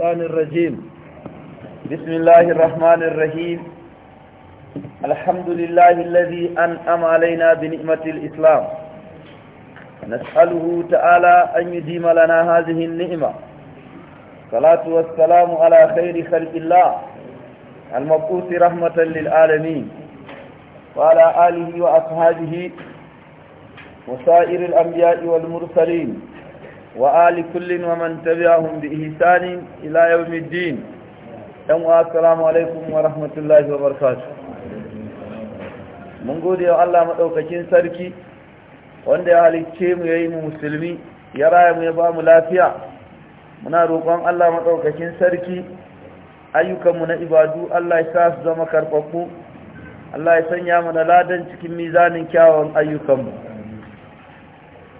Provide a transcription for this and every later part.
الشيطان الرجيم بسم الله الرحمن الرحيم الحمد لله الذي أنعم علينا بنعمة الإسلام نسأله تعالى أن يديم لنا هذه النعمة صلاة والسلام على خير خلق الله المبعوث رحمة للعالمين وعلى آله وأصحابه وسائر الأنبياء والمرسلين wa وآل كل ومن تبعهم بإحسان إلى dan wa assalamu alaikum wa rahmatullahi wa barakatuh mun gode wa Allah madaukakin sarki wanda ya halicce mu ya yi mu musulmi ya raya mu ya ba mu lafiya muna roƙon Allah madaukakin sarki ayyukan mu na ibadu Allah ya sa su zama karfafu Allah ya sanya mu na ladan cikin mizanin kyawawan ayyukanmu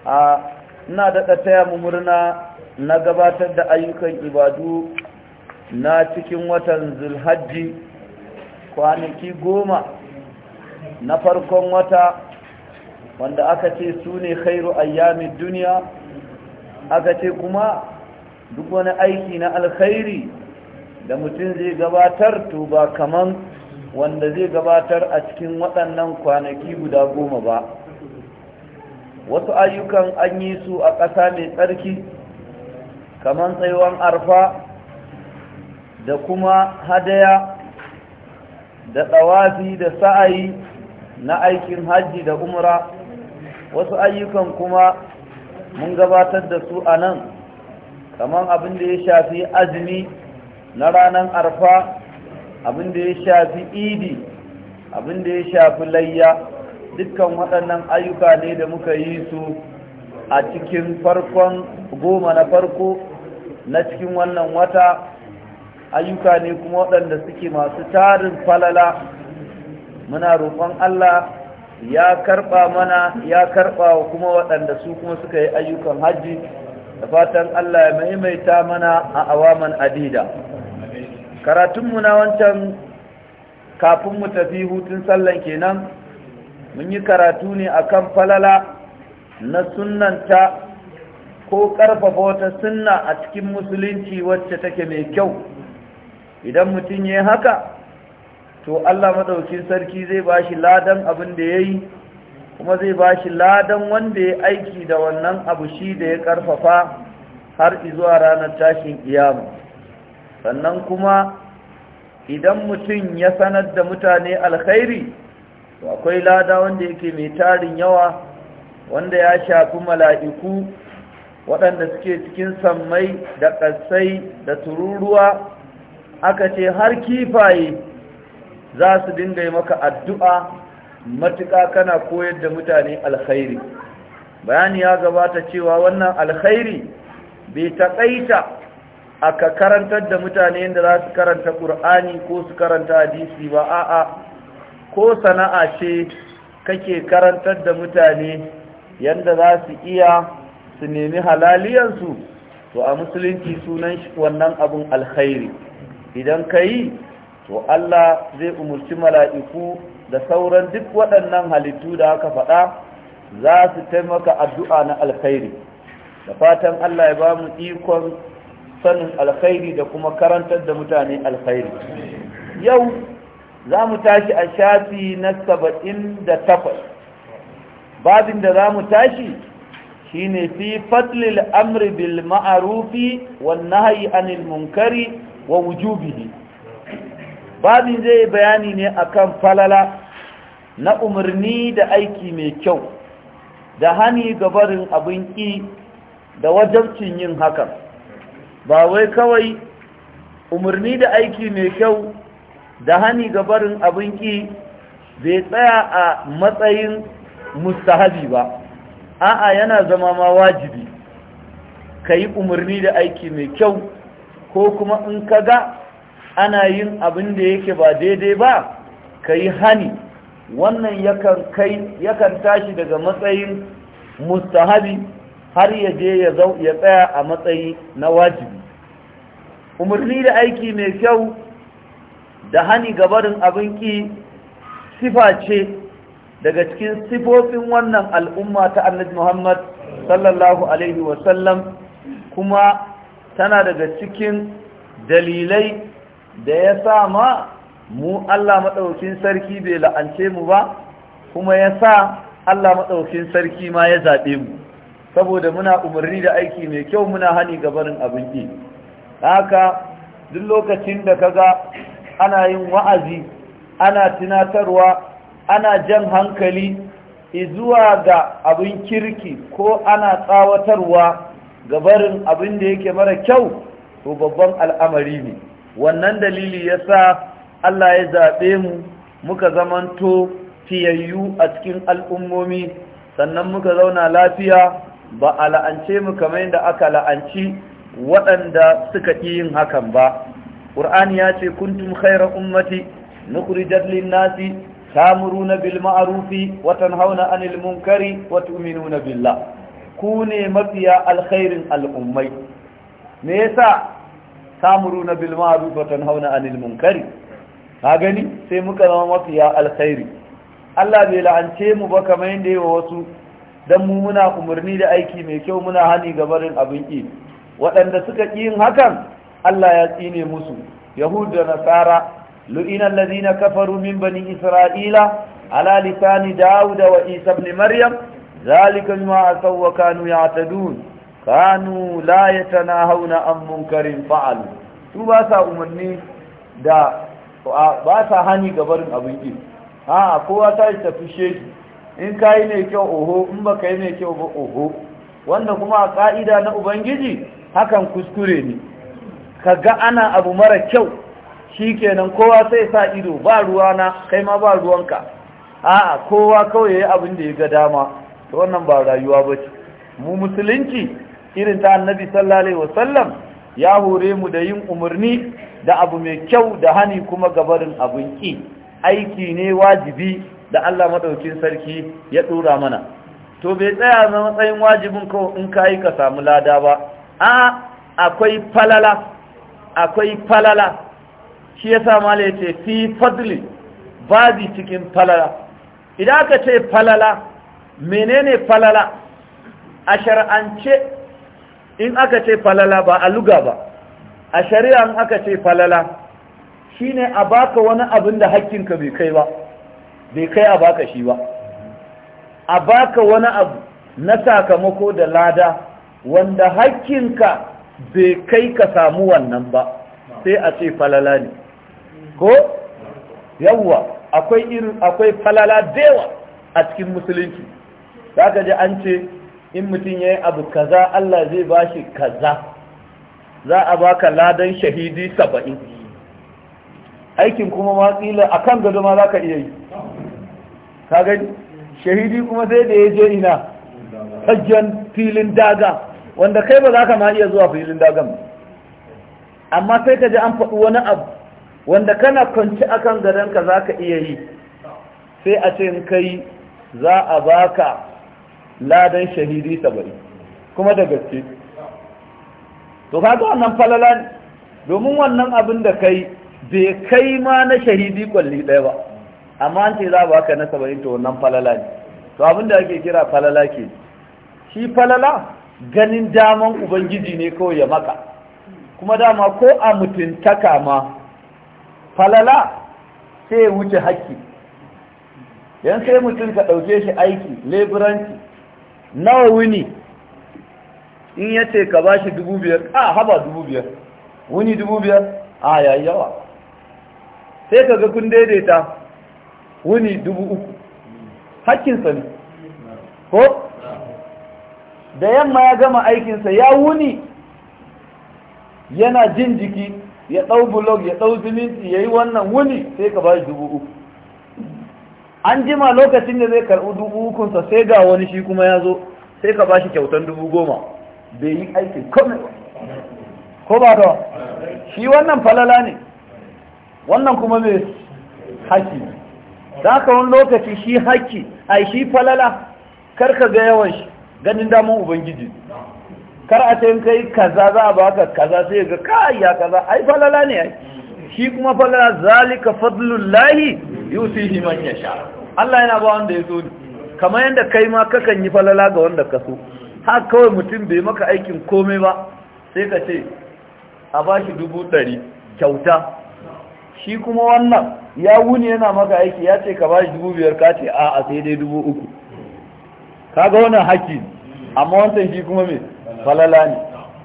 a ina daɗa taya mu murna na gabatar da ayyukan ibadu na cikin watan zulhajji kwanaki goma na farkon wata wanda aka ce su ne khairu ayyamin duniya aka ce kuma duk wani aiki na alkhairi da mutum zai gabatar to ba kaman wanda zai gabatar a cikin waɗannan kwanaki guda goma ba wasu ayyukan an yi su a ƙasa mai tsarki kamar tsayuwan arfa da kuma hadaya da tsawafi da sa'ayi na aikin hajji da umra wasu ayyukan kuma mun gabatar da su a nan kamar abin da ya shafi azumi na ranar arfa abin da ya shafi idi abin da ya shafi layya dukkan waɗannan ayyuka ne da muka yi su a cikin farkon goma na farko na cikin wannan wata ayyuka ne kuma waɗanda suke masu tarin falala muna roƙon Allah ya karɓa mana ya karɓa wa kuma waɗanda su kuma suka yi ayyukan hajji da fatan Allah ya maimaita mana a awaman adida karatunmu na wancan kafin mu tafi hutun sallan kenan mun yi karatu ne a kan falala na sunanta ko ƙarfafa wata sunna a cikin musulunci wacce take mai kyau idan mutum ya haka to Allah maɗaukin sarki zai ba shi ladan abin da ya yi kuma zai ba shi ladan wanda ya aiki da wannan abu shi da ya ƙarfafa har zuwa ranar tashin iyamu sannan kuma idan mutum ya sanar da mutane alkhairi to akwai lada wanda yake mai tarin yawa wanda ya shafi mala'iku waɗanda suke cikin sammai da ƙasai da tururuwa aka ce har kifaye za su dinga yi maka addu'a matuƙa kana koyar da mutane alkhairi bayani ya gabata cewa wannan alkhairi bai taƙaita aka karantar da mutane yadda za su karanta ƙur'ani ko su karanta hadisi ba a'a ko sana'a ce kake karantar da mutane yanda za su iya su nemi halaliyansu to a musulunci sunan wannan abun alkhairi idan ka yi to Allah zai umarci mala'iku da sauran duk waɗannan halittu da aka faɗa za su taimaka addu'a na alkhairi da fatan Allah ya ba mu ikon sanin alkhairi da kuma karantar da mutane alkhairi yau za mu tashi a shafi na saba'in da takwas babin da za mu tashi shi ne fi fatlil amri bil ma'arufi wannan hayi anil munkari wa wujubihi babin zai bayani ne akan falala na umarni da aiki mai kyau da hani gabarin abin ƙi da wajabcin yin hakan ba wai kawai umarni da aiki mai kyau da hani ga barin abin ki bai tsaya a matsayin mustahabi ba a'a yana zama ma wajibi ka yi umarni da aiki mai kyau ko kuma in ka ga ana yin abin da yake ba daidai ba ka yi hani wannan yakan kai yakan tashi daga matsayin mustahabi har ya je ya tsaya a matsayi na wajibi umarni da aiki mai kyau da hani gabarin abin ki sifa ce daga cikin sifofin wannan al'umma ta annabi Muhammad sallallahu alaihi wasallam kuma tana daga cikin dalilai da ya sa ma mu Allah maɗaukin sarki bai la'ance mu ba kuma ya sa Allah maɗaukin sarki ma ya zabe mu saboda muna umarni da aiki mai kyau muna hani gabarin abin ki haka duk lokacin da kaga ana yin wa'azi ana tunatarwa ana jan hankali izuwa ga abin kirki ko ana tsawatarwa ga barin abin da yake mara kyau to babban al'amari ne wannan dalili sa Allah ya zaɓe mu muka zamanto fiyayyu a cikin al'ummomi sannan muka zauna lafiya ba a la'ance mu kamar yadda aka la'anci waɗanda suka ƙi yin hakan ba ƙur'ani ya ce kuntum khairar ummati nukhrijat lin-nasi tamuruna bil ma'rufi wa tanhauna 'anil munkari wa tu'minuna billah ku ne mafiya alkhairin al'ummai me yasa tamuruna bil ma'ruf wa tanhauna 'anil munkari ka gani sai muka zama mafiya alkhairi Allah bai la'ance mu ba kamar yadda yawa wasu dan mu muna umarni da aiki mai kyau muna hani gabarin abin ki waɗanda suka ƙi yin hakan Allah ya tsine musu yahud da nasara lu'ina allazina kafaru min bani isra'ila ala lisani daud wa isa ibn maryam zalika ma asaw wa kanu ya'tadun kanu la yatanahawna an munkarin fa'alu su ba sa umarni da ba sa hani gabarin abin ki a kowa ta tafi sheki in ka yi mai kyau oho in ba ka yi mai kyau ba oho wanda kuma a ƙa'ida na ubangiji hakan kuskure ne ka ga ana abu mara kyau shi kenan kowa sai sa ido ba ruwa na kai ma ba ruwanka a'a kowa kawai ya yi abin da ya ga dama to wannan ba rayuwa ba ce mu musulunci irin ta annabi sallallahu alaihi wasallam ya hore mu da yin umarni da abu mai kyau da hani kuma gabarin abin ki aiki ne wajibi da Allah madaukin sarki ya dora mana to bai tsaya na matsayin wajibin ko in kai ka samu lada ba a akwai falala akwai falala shi yasa ya ce fi fadli babi cikin falala idan aka ce falala menene falala a shar'ance in aka ce falala ba a luga ba a shari'a in aka ce falala shine a baka wani abin da hakkinka bai kai ba bai kai a baka shi ba a baka wani abu na sakamako da lada wanda hakkinka bai kai ka samu wannan ba sai a ce falala ne ko yawwa akwai irin akwai falala dewa a cikin musulunci zaka ji an ce in mutum yayi abu kaza Allah zai bashi kaza za a baka ladan shahidi saba'in aikin kuma ma kila akan gado ma zaka iya yi ka gani shahidi kuma sai da ya je ina hajjan filin daga wanda kai ba za ka ma iya zuwa filin dagan amma sai ka ji an faɗi wani abu wanda kana kwanci akan gadonka za ka iya yi sai a ce kai za a baka ladan shahidi sabari kuma da gaske to kaga wannan falala domin wannan abin da kai bai kai ma na shahidi kwalli ɗaya ba amma an ce za a baka na sabari to wannan falala ne to abin da ake kira falala ke shi falala ganin daman ubangiji ne kawai ya maka kuma dama ko a mutuntaka ma falala sai ya wuce haƙƙi yan sai mutum ka ɗauke shi aiki leburanci nawa wuni in ya ce ka ba shi dubu biyar a haba dubu biyar wuni dubu biyar a yayi yawa sai ka ga kun daidaita wuni dubu uku haƙƙinsa ne ko da yamma ya gama aikinsa ya wuni yana jin jiki ya ɗau blog ya ɗau ziminti ya yi wannan wuni sai ka ba shi dubu uku an jima lokacin da zai karɓi dubu ukunsa sai ga wani shi kuma ya zo sai ka ba shi kyautan dubu goma bai yi aikin kome ko ba ta shi wannan falala ne wannan kuma mai haki Za ka wani lokaci shi haki ai shi falala karka ga yawan shi ganin daman ubangiji kar a ce kai kaza za a baka kaza sai ga kai ya kaza ai falala ne ai shi kuma falala zalika fadlullahi yusihi man yasha Allah yana ba wanda ya so kamar yanda kai ma kakan yi falala ga wanda kaso so har kawai mutum bai maka aikin komai ba sai ka ce a bashi dubu ɗari kyauta shi kuma wannan ya wuni yana maka aiki ya ce ka bashi dubu biyar ka ce a a sai dai dubu uku ga wannan haƙƙi amma wancan shi kuma me falala ne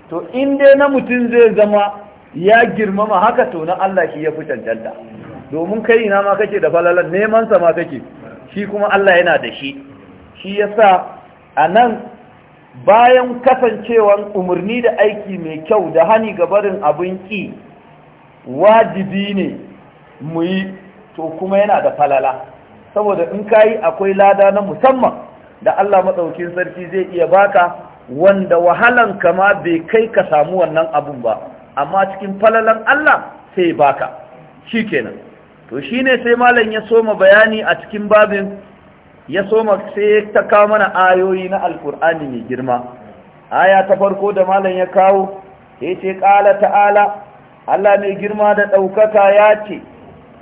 to in dai na mutum zai zama ya girmama haka to na Allah shi ya fi cancanta domin kai ina ma kake da falalan neman sa ma kake shi kuma Allah yana da shi shi yasa a nan bayan kasancewan umarni da aiki mai kyau da hani ga barin abin ƙi wajibi ne mu yi to kuma yana da falala saboda in ka akwai lada na musamman da Allah matsaukin sarki zai iya baka wanda wahalan kama bai kai ka samu wannan abun ba amma cikin falalan Allah sai baka Shi kenan. to shine sai malam ya soma bayani a cikin babin ya soma sai ta kawo mana ayoyi na alkur'ani mai girma aya ta farko da malam ya kawo sai ce ƙala ta'ala Allah mai girma da ɗaukaka ya ce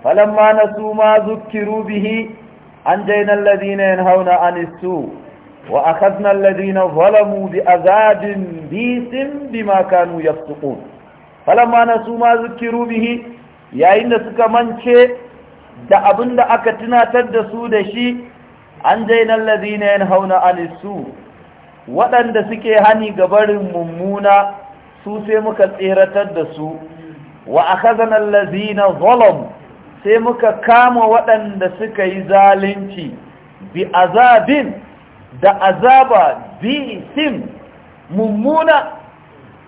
falamma nasu ma zukkiru bihi أنجينا الذين ينهون عن السوء وأخذنا الذين ظلموا بأذاب بيس بما كانوا يفسقون فلما نسوا ما ذكروا به يا إن سكمن شيء da abin da aka tunatar da su da shi an daina lazina yin hauna anisu waɗanda suke hani gabarin mummuna su sai muka tseratar da su wa a kazanar sai muka kama waɗanda suka yi zalunci bi azabin da azaba bi isim mummuna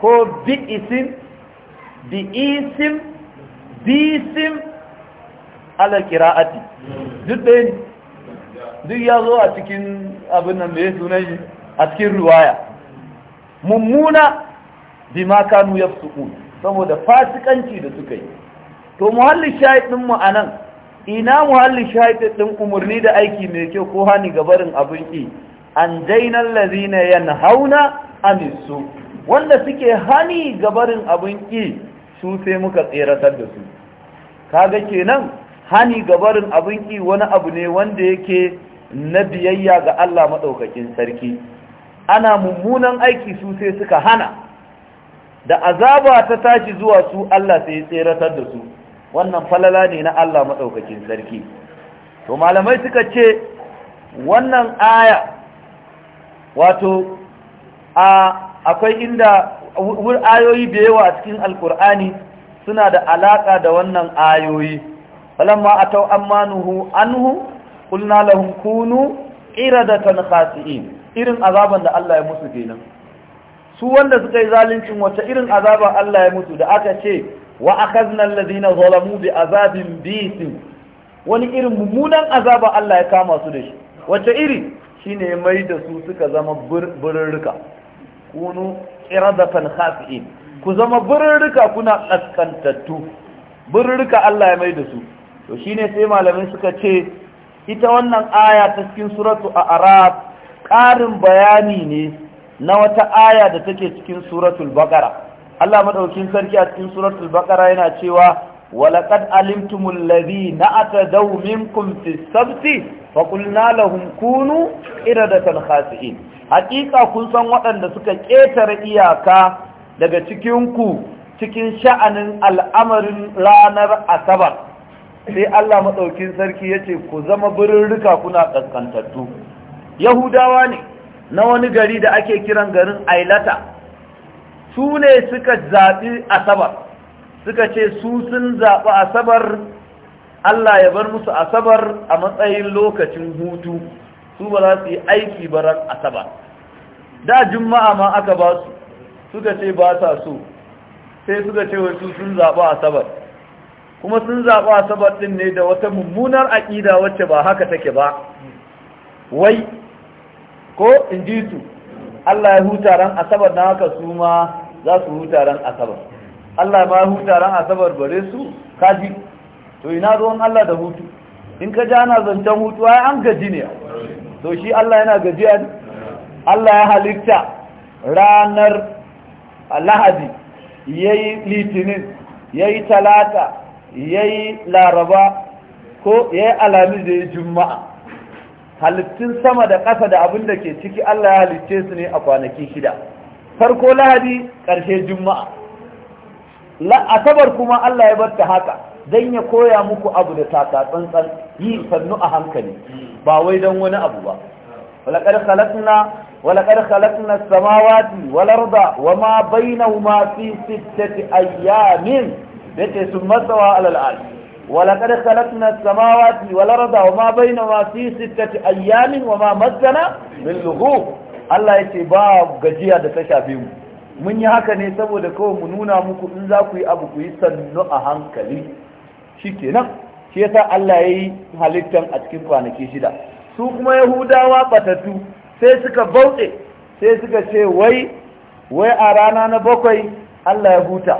ko bi isim bi isim bi isim ala kira'ati duk ɗaya ne duk ya zo a cikin abin nan da ya suna yi a cikin ruwaya mummuna bi ma kanu ya saboda fasikanci da suka yi to muhalli shahid din mu anan ina muhalli shahid din umarni da aiki mai kyau ko hani ga barin abin ki an jainal ladina yanhauna anisu wanda suke hani ga barin abin ki su sai muka tseratar da su kaga kenan hani ga barin abin ki wani abu ne wanda yake na biyayya ga Allah madaukakin sarki ana mummunan aiki su sai suka hana da azaba ta tashi zuwa su Allah sai ya tseratar da su wannan falala ne na Allah maɗaukakin sarki to malamai suka ce wannan aya wato a akwai inda ayoyi da yawa a cikin alkur'ani suna da alaƙa da wannan ayoyi falamma atau ammanuhu anhu qulna lahum kunu iradatan khasi'in irin azaban da Allah ya musu kenan su wanda suka yi zaluncin wata irin azaban Allah ya musu da aka ce wa akazna alladhina zalamu bi azabin bisin wani irin mummunan azaba Allah ya kama su da shi wace iri shine mai da su suka zama bururruka kunu iradatan khafiin ku zama bururruka kuna kaskantattu bururruka Allah ya mai da su to shine sai malamai suka ce ita wannan aya ta cikin suratu a'raf ƙarin bayani ne na wata aya da take cikin suratul baqara Allah madaukin sarki a cikin suratul baqara yana cewa walaqad alimtumul ladina atadaw minkum fis sabti faqulna lahum kunu iradatan khasiin hakika kun san waɗanda suka ƙetare iyaka daga cikin ku cikin sha'anin al'amarin ranar asabar sai Allah madaukin sarki yace ku zama birrika kuna kaskantattu yahudawa ne na wani gari da ake kiran garin ailata su ne suka zaɓi asabar suka ce su sun zaɓi asabar Allah ya bar musu asabar a matsayin lokacin hutu su ba za su yi aiki baran asabar da juma'a ma aka ba su suka ce ba sa so sai suka ce wasu sun zaɓi asabar kuma sun zaɓi asabar ɗin ne da wata mummunar aƙida wacce ba haka take ba wai ko in ji su Allah ya huta ran asabar na haka su ma za su huta ran asabar Allah ma huta ran asabar bare su kaji to ina ruwan Allah da hutu in ka ja ana zancen hutu ai an gaji ne to shi Allah yana gajiya Allah ya halitta ranar lahadi yayi litinin yayi talata yayi laraba ko yayi alamis da yi juma'a halittun sama da ƙasa da abin da ke ciki Allah ya halicce su ne a kwanaki shida farko lahadi ƙarshe juma'a asabar kuma Allah ya bar ta haka dan ya koya muku abu da taka tsantsan yi sannu a hankali ba wai don wani abu ba walaqad khalaqna walaƙar khalaqna samawati walarda bai na bainahuma fi sittati ayyamin yace sun matsawa alal ولقد خلقنا السماوات والأرض وما بينهما في ستة أيام وما مسنا من لغوب الله يتي باب gajiya da ta shafe mu mun yi haka ne saboda kawai mu nuna muku in za ku yi abu ku yi sannu a hankali shikenan shi yasa Allah yayi halittan a cikin kwanaki shida su kuma yahudawa batatu sai suka bauɗe sai suka ce wai wai a rana na bakwai Allah ya huta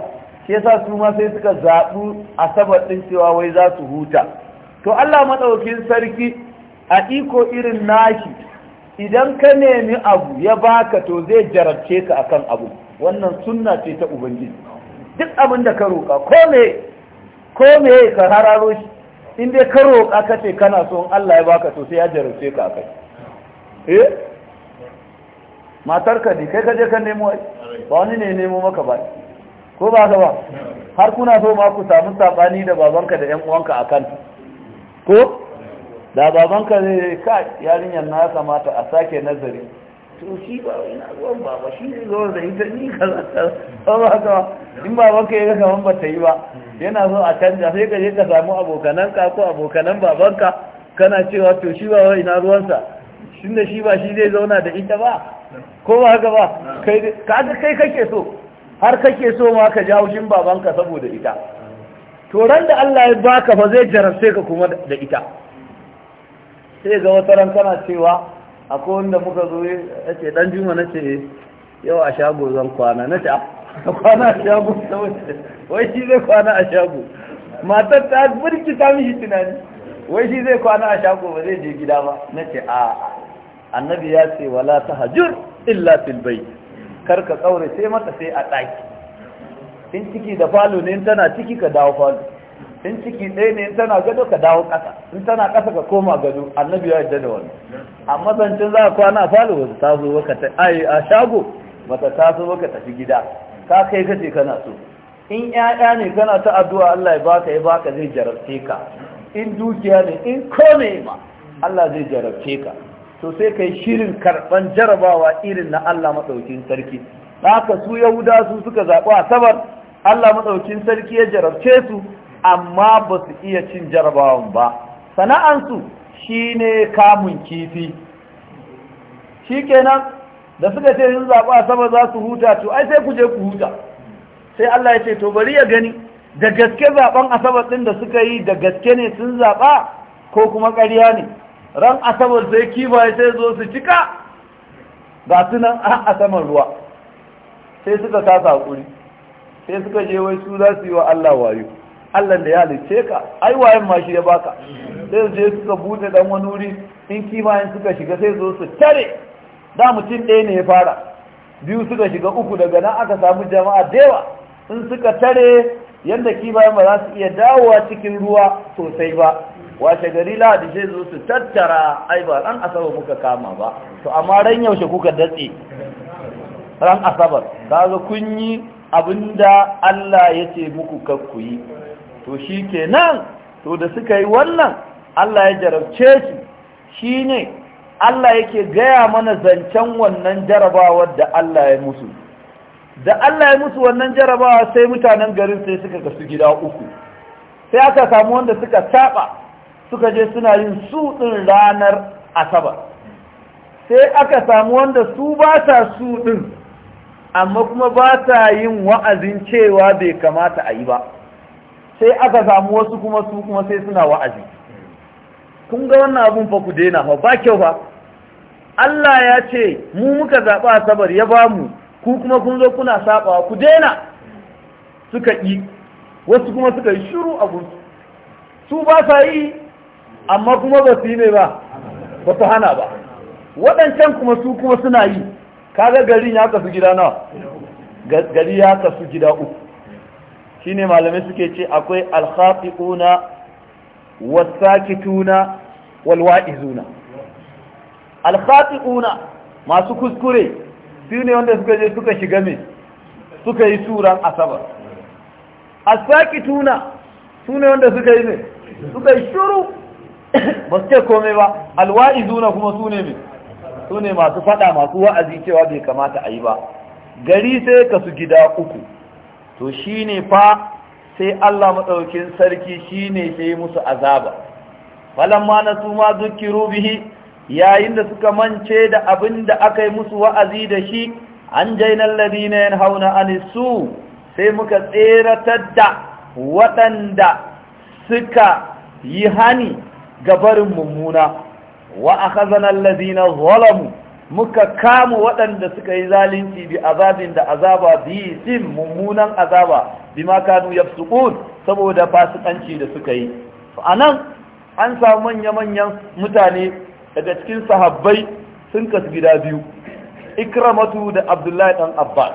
shi yasa su ma sai suka zaɓu asabar ɗin cewa wai za su huta to Allah maɗaukin sarki a iko irin nashi idan ka nemi abu ya baka to zai jarabce ka akan abu wannan sunna ce ta ubangiji duk abin da ka roƙa ko me ko me ka hararo shi in dai ka roƙa ka ce kana so in Allah ya baka to sai ya jarabce ka akai eh Matar ka ne kai ka je ka nemo ba wani ne nemo maka ba ko ba ka ba har kuna so ma ku samu sabani da babanka da yan uwanka akan ko da babanka ne ka yarinyar na kamata a sake nazari to shi ba wai na ruwan baba shi ne zuwa da ita ni kaza ba ba ka in babanka ya ga kaman ba ta yi ba yana so a canja sai ka je ka samu abokananka ko abokanan babanka kana cewa to shi ba wai na ruwansa da shi ba shi zai zauna da ita ba ko ba haka ba kai kai kake so har kake so ma ka jawo shin babanka saboda ita to ran da Allah ya baka fa zai jarabce ka kuma da ita sai ga wata ran kana cewa akwai wanda muka zo ya ce dan juma na ce yau a shago zan kwana na ce ah, kwana a shago wai shi zai kwana a shago matar ta burki ta mishi tunani wai shi zai kwana a shago ba zai je gida ba na ce a annabi ya ce wala tahajur illa fil bayt Karka tsaure sai mata sai a ɗaki in ciki da falo ne in tana ciki ka dawo falo in ciki ɗaya ne in tana gado ka dawo ƙasa in tana ƙasa ka koma gado annabi ya yadda da wani amma zancin za a kwana falo wata ta zo baka ta ai a shago bata ta zo baka tafi gida ka kai kace kana so in ƴaƴa ne kana ta addu'a Allah ya baka ya baka zai jarabce ka in dukiya ne in kome ma Allah zai jarabce ka to sai kai shirin karban jarabawa irin na Allah madaukin sarki haka su yahuda su suka zaɓi asabar Allah madaukin sarki ya jarabce su amma ba su iya cin jarabawan ba sana'ansu shine kamun kifi Shi kenan da suka ce sun zaɓi asabar za su huta to ai sai ku je ku huta sai Allah ya ce to bari ya gani da gaske zaɓen asabar ɗin da suka yi da gaske ne sun zaɓa ko kuma ƙarya ne ran asabar sai kifaye sai zo su cika ga tunan a asaman ruwa sai suka kasa hakuri sai suka je wai su za su yi wa Allah wayo Allah da ya lice ka ai wayan ma shi ya baka sai su je suka bude dan wani wuri in kifayen suka shiga sai zo su tare da mutum ɗaya ne ya fara biyu suka shiga uku daga nan aka samu jama'a da in suka tare yadda kifayen ba za su iya dawowa cikin ruwa sosai ba wace gari lahadi sai zo su tattara ai ba ran asabar kuka kama ba to amma ran yaushe kuka datse ran asabar kaga kun yi abinda Allah ya ce muku ku yi to shi nan, to da suka yi wannan Allah ya jarabce su shi ne Allah yake gaya mana zancen wannan jarabawar da Allah ya musu da Allah ya musu wannan jarabawa sai mutanen garin sai suka kasu gida uku sai aka samu wanda suka saba suka je suna yin su ɗin ranar asabar sai aka samu wanda su ba ta su ɗin amma kuma ba ta yin wa'azin cewa bai kamata a yi ba sai aka samu wasu kuma su kuma sai suna wa'azi kun ga wannan abin fa ku daina ba ba kyau ba Allah ya ce mu muka zaɓa asabar ya ba mu ku kuma kun zo kuna saɓawa ku daina suka yi wasu kuma suka yi shiru a su ba sa yi amma kuma ba su yi mai ba ba su hana ba waɗancan kuma su kuma suna yi kaga garin ya kasu gida nawa gari ya kasu gida uku shine malamai suke ce akwai alkhati'una wasakituna walwa'izuna una masu kuskure su ne wanda suka je suka shiga mai suka yi suran asabar asakituna su ne wanda suka yi ne suka yi shuru ba su ce komai ba na kuma su ne su ne masu fada masu wa'azi cewa bai kamata a yi ba gari sai ka su gida uku to shine fa sai Allah matsaukin sarki shine sai musu azaba ma na su ma zukiru yayin da suka mance da abin da aka yi musu wa'azi da shi an jainar ladina yin hauna anisu sai muka tseratar da waɗanda suka yi hani Ga barin mummuna wa akhazana lazina zalamu muka kamu waɗanda suka yi zalunci bi azabin da azaba bi sin mummunan azaba bima kanu yafsukun saboda fasikanci da suka yi anan an samu manya-manyan mutane daga cikin sahabbai sun kasu gida biyu ikramatu da abdullahi dan abbas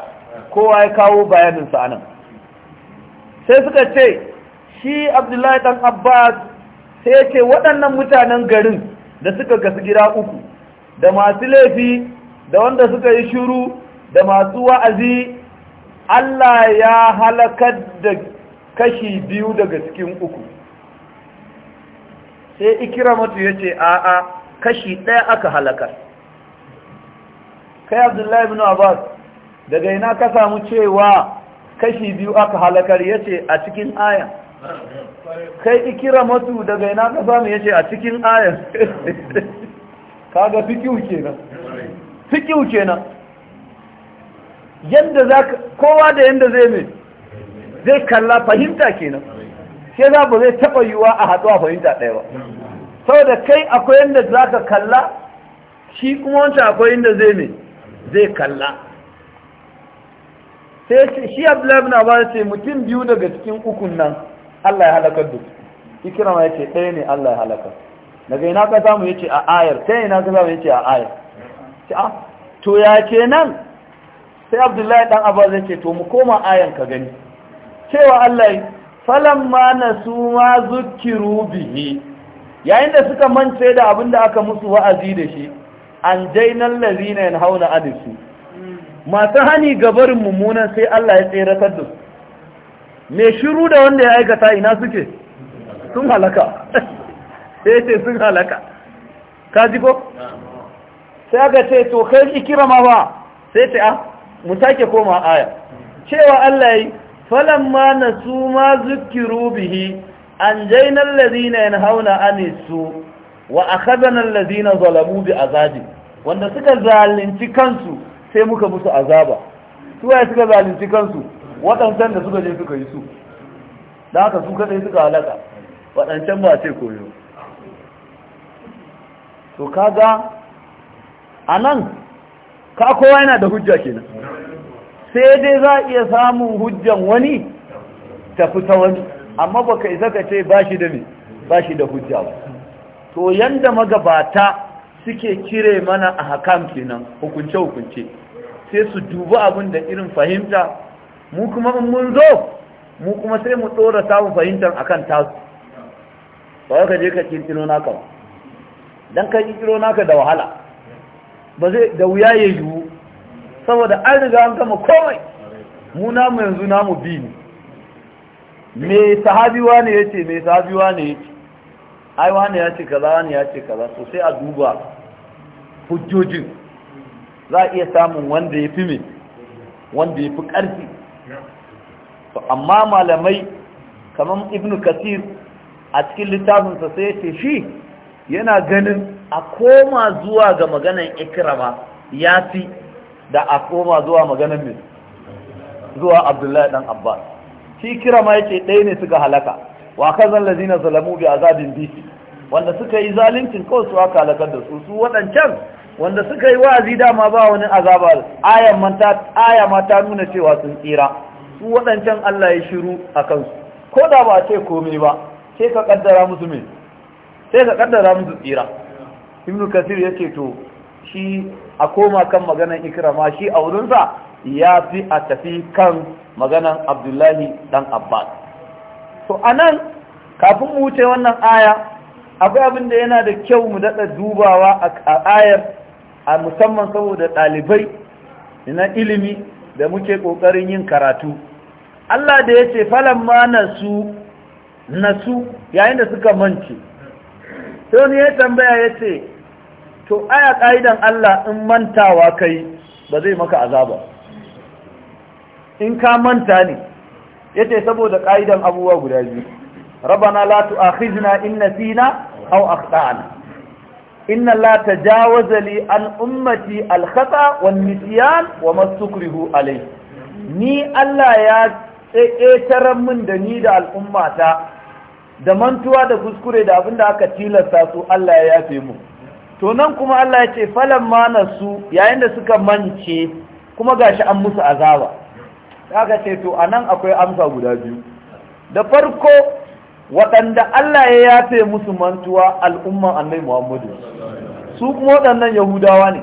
kowa ya kawo bayaninsa anan sai suka ce shi abdullahi Ɗan abbas sai ya ce waɗannan mutanen garin da suka gasu gida uku da masu laifi da wanda suka yi shuru da masu wa'azi Allah ya halakar da kashi biyu daga cikin uku sai Ikira mutu ya ce a'a kashi ɗaya aka halakar kai abdullahi ibn abbas daga ina ka samu cewa kashi biyu aka halakar ya ce a cikin aya kai ikira matu daga ina ka samu yace a cikin ayar kaga fikiu kenan fikiu kenan yanda zaka kowa da yanda zai mai zai kalla fahimta kenan sai za ba zai taba yuwa a a fahimta ɗaya ba saboda kai akwai yanda zaka kalla shi kuma wancan akwai yanda zai mai zai kalla sai shi abu labina ba ce mutum biyu daga cikin ukun nan Allah ya halaka duk ikirama yace ɗaya ne Allah ya halaka daga ina ka samu yace a ayar sai ina ka samu yace a ayar a ah, to ya kenan sai Abdullahi dan Abbas yace to mu koma ayan ka gani cewa Allah falamma nasu ma zukiru bihi yayin da suka mance da abinda aka musu wa'azi da shi an jainal ladina yanhauna anisu masu hani gabarin mummunan sai Allah ya tsere da su mai shiru da wanda ya aikata ina suke sun halaka sai ce sun halaka ka ji ko sai aka ce to kai ikira ma ba sai ce a ah, mu sake koma aya cewa Allah yi na su ma zukiru bihi an yana hauna yanhauna anisu wa akhadana lazina zalabu bi azabi wanda suka zalunci kansu sai muka musu azaba su ya suka zalunci kansu waɗancan da suka je suka yi su da haka su kaɗai suka halaka waɗancan ba ce koyo to kaga a nan ka kowa yana da hujja kenan sai dai za a iya samun hujjan wani tafi ta wani amma baka isa ka ce ba shi da me ba shi da hujja ba to yadda magabata suke kire mana a hakan kenan hukunce hukunce sai su dubi abin da irin fahimta mu kuma in mun zo mu kuma sai mu ɗora samun fahimtar akan tasu ba ka je ka kirkiro naka ba don ka kirkiro naka da wahala ba zai da wuya ya yiwu saboda an riga an gama komai mu namu yanzu namu bi ne me sahabiwa ne ce? me sahabiwa ne ce ai wani ya ce kaza wani ya ce kaza so sai a duba hujjojin za a iya samun wanda ya fi me wanda ya fi ƙarfi to amma malamai kamar ibn kasir a cikin littafinsa sai ce shi yana ganin a koma zuwa ga maganan ikrama ya fi da a koma zuwa maganan mai zuwa abdullahi dan abbas shi ikrama yake ɗaya ne suka halaka wa kazan lazina zalamu bi azabin bisi wanda suka yi zalincin kawai su aka halakar da su su waɗancan wanda suka yi wa'azi dama ba wani azaba ayan ma ta nuna cewa sun tsira su waɗancan Allah ya shiru a kansu ko da ba ce komai ba sai ka kaddara musu me sai ka kaddara musu tsira ibn kasir ya ce to shi a koma kan maganan ikrama shi a wurinsa ya fi a tafi kan maganan abdullahi dan abbas to anan kafin mu wuce wannan aya akwai abin da yana da kyau mu daɗa dubawa a ayar a musamman saboda ɗalibai na ilimi da muke ƙoƙarin yin karatu Allah da ya ce falamma nasu nasu yayin da suka mance to ni ya tambaya ya ce to aya ƙa'idan Allah in mantawa kai ba zai maka azaba in ka manta ne ya ce saboda ƙa'idan abubuwa guda biyu rabana la tu'akhizna in nasina aw akhtana inna la tajawaza li an ummati al khata wan nisyan wa mastukrihu alai ni Allah ya sai ƙetaren min da ni da al'ummata da mantuwa da kuskure da abin da aka tilasta su Allah ya yafe mu to nan kuma Allah ya ce falan mana su yayin da suka mance kuma gashi an musu azaba aka ce to anan akwai amsa guda biyu da farko waɗanda Allah ya yafe musu mantuwa al'umman annai Muhammadu su kuma waɗannan Yahudawa ne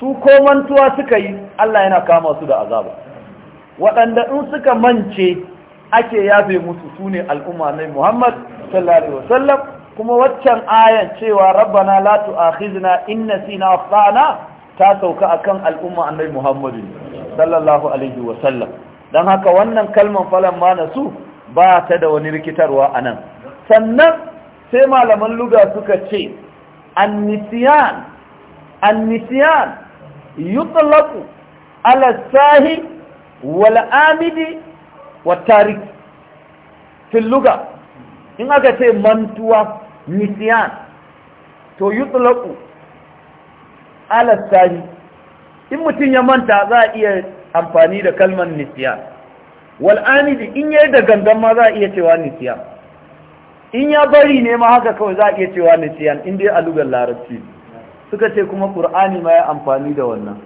su ko mantuwa suka yi Allah yana kama su da azaba waɗanda in suka mance ake yafe musu su ne al'umma na Muhammad sallallahu alaihi wasallam kuma waccan ayan cewa rabbana la tu'akhizna in nasina ta sauka akan al'umma annabi Muhammad sallallahu alaihi wasallam dan haka wannan kalman falan ma nasu ba ta da wani rikitarwa anan sannan sai malaman luga suka ce annisiyan annisiyan yutlaqu ala sahi Wal'amidi amidi wa tarik luga in aka ce mantuwa nisiyan to yutlaqu ala tsari in mutum ya manta za a iya amfani da kalman nisiya Wal'amidi amidi in yayi da gangan ma za a iya cewa nisiya in ya bari ne ma haka kawai za a iya cewa nisiyan in dai a lugar larabci suka ce kuma qur'ani ma ya amfani da wannan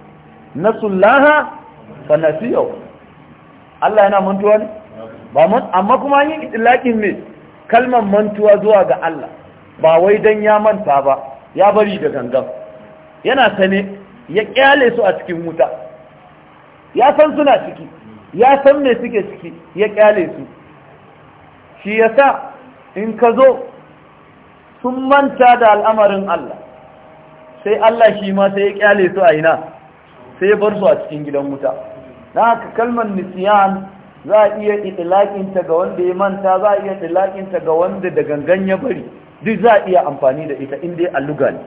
nasullaha fanasiyo Allah yana mantuwa ne amma kuma yin itlaqin ne kalmar mantuwa zuwa ga Allah ba wai dan ya manta ba ya bari da gangan yana sane ya kyale su a cikin wuta ya san suna ciki ya san me suke ciki ya kyale su shi yasa in ka zo sun manta da al'amarin Allah sai Allah shi ma sai ya kyale su a ina sai ya bar su a cikin gidan wuta na haka kalmar nisiyan za a iya itilakinta ga wanda ya manta za a iya itilakinta ga wanda da gangan ya bari duk za a iya amfani da ita inda dai alluga ne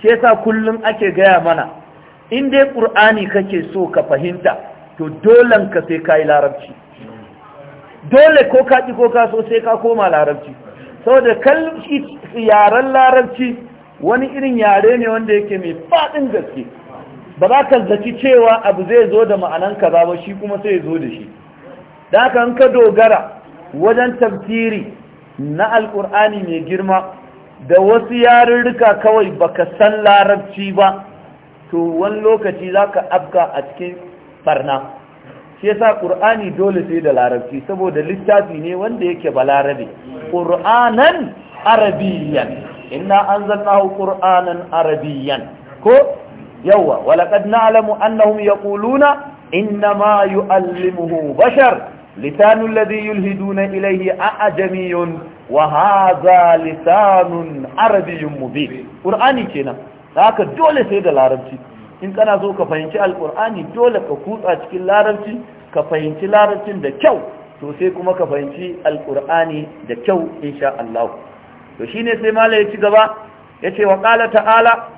shi yasa kullum ake gaya mana in dai ƙur'ani kake so ka fahimta to dolan ka sai ka yi larabci dole ko ka ƙi ko ka so sai ka koma larabci saboda kalmar yaren larabci wani irin yare ne wanda yake mai faɗin gaske ba za ka zaci cewa abu zai zo da ma'anan kaza ba shi kuma sai zo da shi da haka an ka dogara wajen tafsiri na alkur'ani mai girma da wasu yarurruka kawai baka san larabci ba to wani lokaci za ka afka a cikin farna. shi yasa ƙur'ani dole sai da larabci saboda littafi ne wanda yake balarabe ƙur'anan arabiyan inna anzalnahu ƙur'anan arabiyyan ko yawwa na alamu annahum yaquluna innama yu'allimuhu bashar lisanu alladhi hiduna ilayhi a'jamiyun wa wahaza lisanun arabiyyun mubin ƙurani kenan haka dole sai da larabci in kana so ka fahimci alqur'ani dole ka kutsa cikin larabci ka fahimci larabcin da kyau to sai kuma ka fahimci alqur'ani da kyau insha Allah to shine sai mala ya ci gaba Ya wa waƙala ta'ala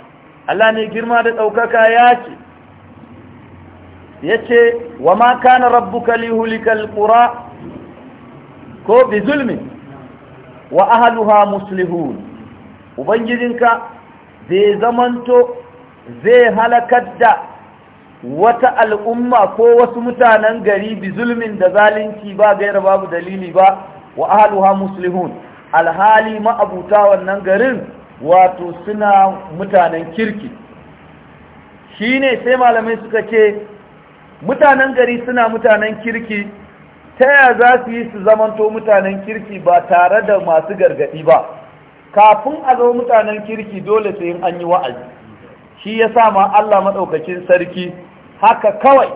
Allah ne girma da ɗaukaka ya ce ya ce wa ma kana rabbuka lihulikal ƙura ko bi zulmi wa ahaluha muslihun ubangijinka zai zamanto zai halakar da wata al'umma ko wasu mutanen gari bi zulmin da zalunci ba gaira babu dalili ba wa ahaluha muslihun alhali ma'abuta wannan garin wato suna mutanen kirki Shi ne sai malamai suka ce mutanen gari suna mutanen kirki ta yaya za su yi su zamanto mutanen kirki ba tare da masu gargadi ba kafin a zama mutanen kirki dole sai an yi wa'azi shi ya sa ma Allah maɗaukacin sarki haka kawai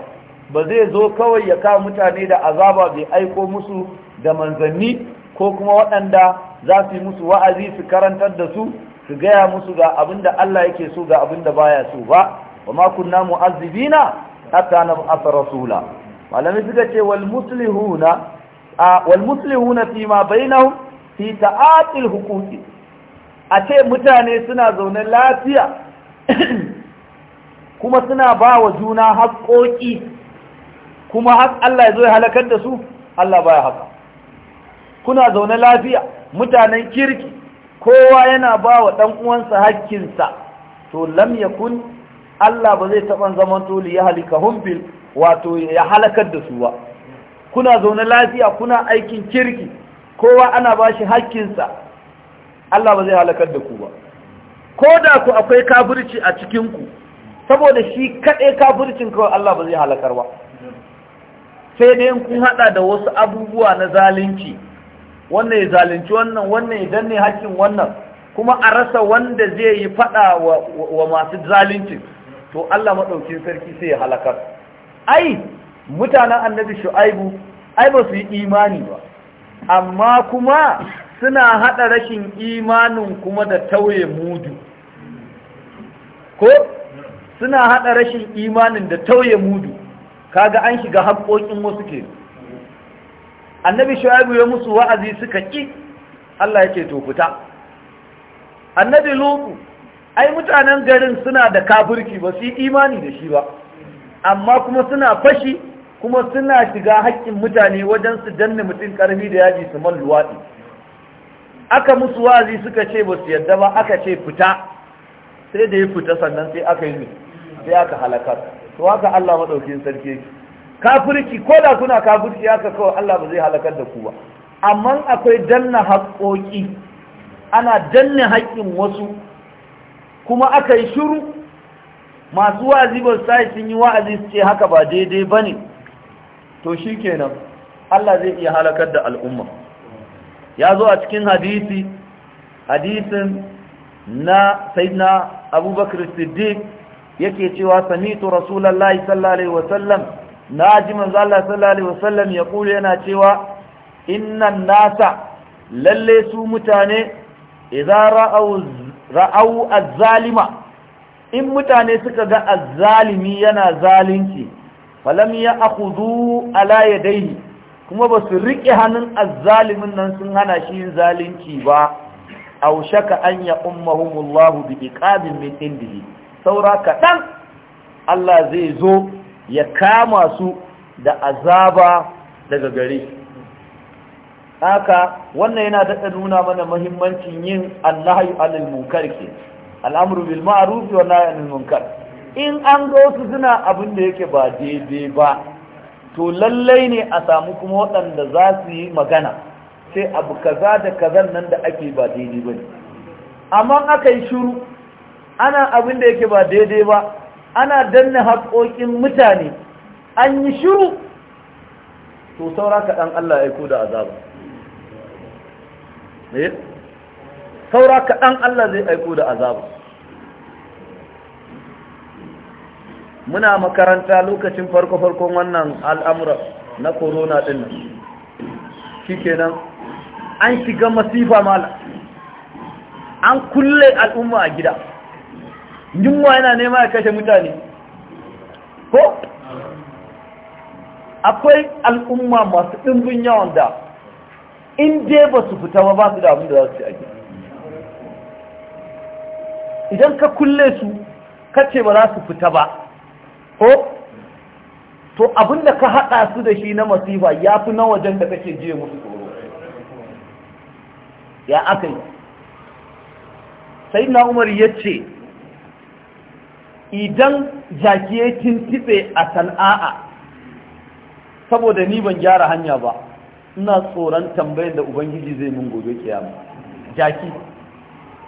ba zai zo kawai ya kawo mutane da azaba bai aiko musu da manzanni ko kuma waɗanda za su yi musu wa'azi su karantar da su su gaya musu ga abinda Allah yake so ga abinda baya so ba wa ma kunna mu'azzibina hatta nab'atha rasula Malami suka ce wal muslihuna wal muslihuna fi ma bainahum fi ta'atil huquqi a ce mutane suna zaune lafiya kuma suna ba wa juna haƙoƙi kuma har Allah ya zo ya halakar da su Allah baya haka kuna zaune lafiya mutanen kirki kowa yana ba wa ɗan uwansa hakkinsa to lam yakun Allah ba zai taɓa zaman toli ya halika humbil wato ya halakar da su ba kuna zaune lafiya kuna aikin kirki kowa ana ba shi hakkinsa Allah ba zai halakar da ku ba ko da ku akwai kafirci a cikinku saboda shi kaɗai kafircin kawai Allah ba zai halakar ba sai dai kun haɗa da wasu abubuwa na zalunci wannan ya zalunci wannan wannan ya danne hakkin wannan kuma a rasa wanda zai yi fada wa masu zalunci to Allah madaukin sarki sai ya halakar ai mutanen annabi shu'aibu ai ba su yi imani ba amma kuma suna hada rashin imanin kuma da tauye mudu ko suna hada rashin imanin da tauye mudu kaga an shiga haƙoƙin wasu kenan annabi shu'aibu ya musu wa'azi suka ki Allah ya to fita annabi lubu ai mutanen garin suna da kafirci ba su yi imani da shi ba amma kuma suna fashi kuma suna shiga haƙƙin mutane wajen su danne mutum ƙarfi da yaji su man luwaɗi aka musu wa'azi suka ce ba su yadda ba aka ce fita sai da ya fita sannan sai aka yi sai aka halakar to haka Allah maɗaukin sarki yake kafirki ko da kuna kafirci haka kawai Allah ba zai halakar da ku ba amma akwai danna haƙoƙi ana danna haƙƙin wasu kuma aka yi shiru masu wa'azi ba su sai sun yi wa'azi su ce haka ba daidai ba ne to shi kenan Allah zai iya halakar da al'umma ya zo a cikin hadisi hadisin na sayyidina abubakar siddiq yake cewa samitu rasulullahi sallallahu alaihi wasallam na ji manzo sallallahu alaihi wasallam ya kula yana cewa innan nasa lalle su mutane idza ra'au ra'au az-zalima in mutane suka ga az-zalimi yana zalunci falam ya'khudhu ala yadayhi kuma ba su rike hannun az-zalimin nan sun hana shi yin zalunci ba aw shaka an ya ummahumullahu bi iqabin min indihi saura kadan Allah zai zo ya kama su da azaba daga gare haka wannan yana daɗa nuna mana mahimmancin yin allahayu alil munkar ke al'amru bil ma'ruf wa nahyi anil munkar in an ga wasu suna abin da yake ba daidai ba to lallai ne a samu kuma waɗanda za su yi magana sai abu kaza da kazan nan da ake ba daidai ba ne amma aka yi shiru ana abin da yake ba daidai ba ana danna haƙoƙin mutane an yi shiru to saura kaɗan Allah ya aiko da azaba ne saura ɗan Allah zai aiko da azaba muna makaranta lokacin farko-farkon wannan al'amura na korona ɗin shi kenan an shiga masifa mala an kulle al'umma a gida yunwa yana nema ya kashe mutane ko akwai al'umma masu ɗimbin yawan da in je ba su fita ba ba su da abin da za su ake idan ka kulle su kace ba za su fita ba ko to abin da ka haɗa su da shi na masifa ya fi na wajen da kake jiye musu tsoro ya aka yi sai na umar ya ce idan jaki ya tintibe a sana'a saboda ni ban gyara hanya ba ina tsoron tambayar da ubangiji zai mun gobe kiyama jaki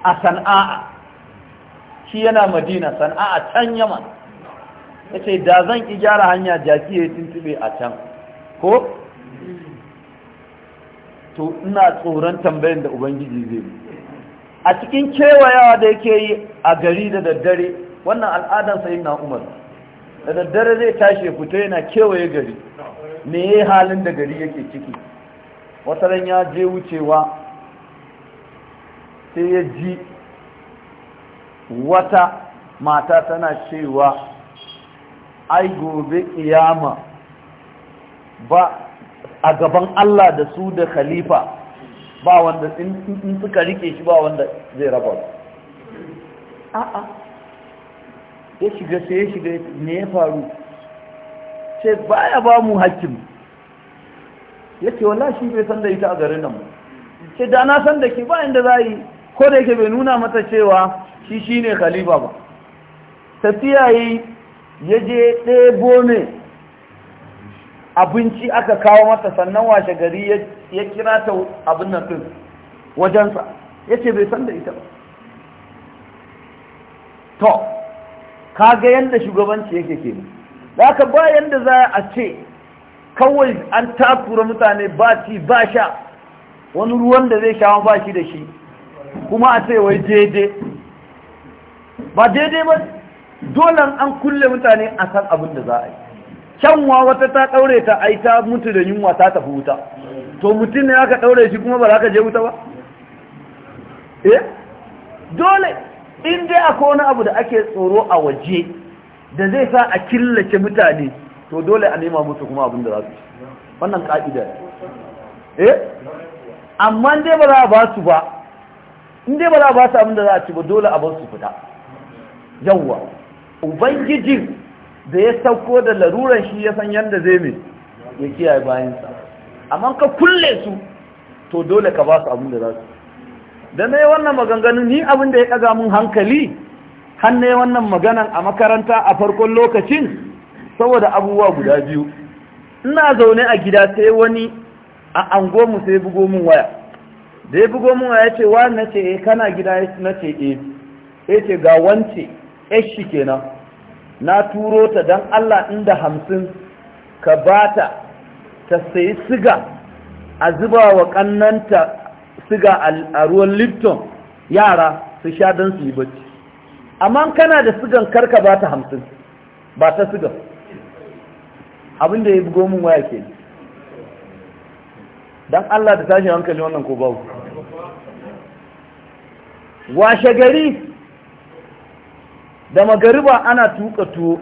a sana'a shi yana madina sana'a can yamma. ya ce da zan ki gyara hanya jaki ya tuntube a can ko? to ina tsoron tambayin da ubangiji zai a cikin kewayawa da yake yi a gari da daddare wannan al'adar sai na umar da daddare zai tashi ya fita yana kewaye gari me ya halin da gari yake ciki wata ran ya je wucewa sai ya ji wata mata tana cewa ai gobe kiyama ba a gaban Allah da su da khalifa ba wanda in suka rike shi ba wanda zai raba a'a ya shiga sai ya shiga ne ya faru sai ya ba mu hakim ya ce wala shi bai san da ita a garin nan sai da na san da ke ba inda za yi ko da yake bai nuna mata cewa shi shi ne khalifa ba tafiya yi ya je ɗebo ne abinci aka kawo mata sannan washe gari ya kira ta abin nan ɗin wajensa ya ce bai san da ita ba Ka kaga yadda shugabanci yake ke da aka ba yadda za a ce kawai an takura mutane ba ci ba sha wani ruwan da zai shawon ba shi da shi kuma a ce wai daidai ba daidai ba dole an kulle mutane a san abin da za a yi kyanwa wata ta ɗaure ta ai ta mutu da yunwa ta tafi wuta to mutum ne aka ɗaure shi kuma ba za ka je wuta ba eh dole in dai akwai wani abu da ake tsoro a waje da zai sa a killace mutane to dole a nema musu kuma abin da za su wannan ka'ida eh amma dai ba za a ba su ba in dai ba za a ba su abin da za a ci ba dole a bar su fita yawwa ubangijin da ya sauko da laruran shi ya san yadda zai mai ya kiyaye bayansa amma ka kulle su to dole ka ba su abin da za su da na yi wannan maganganun ni abin da ya ɗaga mun hankali har na wannan maganan a makaranta a farkon lokacin saboda abubuwa guda biyu ina zaune a gida sai wani a angonmu sai bugo min waya da ya bugo min waya ce wa na ce e kana gida na ce e ya ce ga wance shi kenan na turo ta don allah inda hamsin ka bata ta sayi siga a zuba wa ƙannanta siga a ruwan lipton yara su sha don su yi bacci amma kana da sugan karka ba ta hamsin ba ta Abin abinda ya bugo min waya ke don Allah da tashi hankali wannan ko babu washe gari da magariba ana tuka tuwo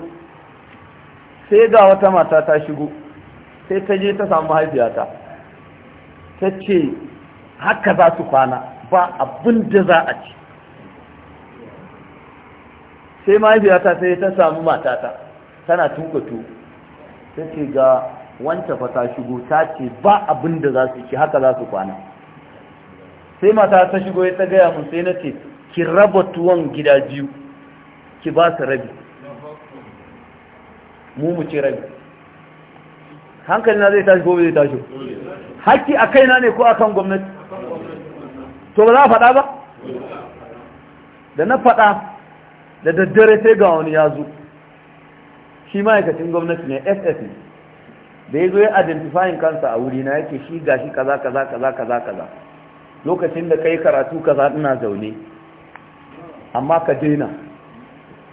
sai ga wata mata ta shigo sai ta je ta samu haifiyata ta ce haka za su kwana ba abin da za a ci sai mahaifiyata sai ta samu matata tana tukatu ta ce ga wanta fa ta shigo ta ce ba abin da za su ci haka za su kwana sai mata ta shigo ya ta gaya mun sai na ce ki raba tuwon gida biyu ki ba su rabi mu mu ce rabi hankali na zai tashi gobe zai tashi haƙƙi a kaina ne ko akan gwamnati to ba za a faɗa ba da na faɗa da daddare sai ga wani ya zo shi ma'aikacin gwamnati ne S da ya zo ya identifying kansa a wuri na yake shi gashi kaza kaza kaza kaza kaza lokacin da kai karatu kaza ina zaune amma ka daina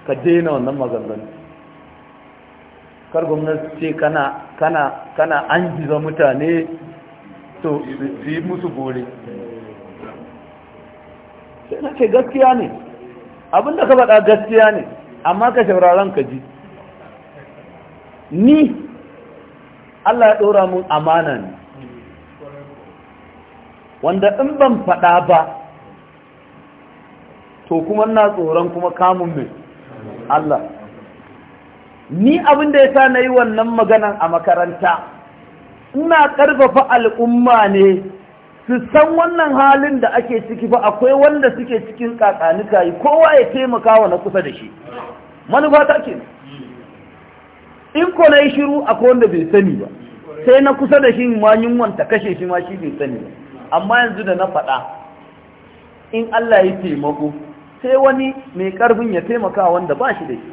ka daina wannan maganganu kar gwamnati ce kana kana kana an jiza mutane to su yi musu gore sai na ce gaskiya ne abinda ka faɗa gaskiya ne amma ka shauraran ka ji ni Allah ya ɗora mun amana ne wanda in ban faɗa ba to kuma na tsoron kuma kamun mai Allah ni abin da ya sa na yi wannan maganan a makaranta ina ƙarfafa al'umma ne su san wannan halin da ake ciki ba akwai wanda suke cikin kakanika yi kowa ya taimaka wa na kusa da shi manufa ta ke in ko na yi shiru akwai wanda bai sani ba sai na kusa da shi ma yunwan ta kashe shi ma shi bai sani ba amma yanzu da na faɗa in Allah ya taimako sai wani mai ƙarfin ya taimaka wanda ba shi da shi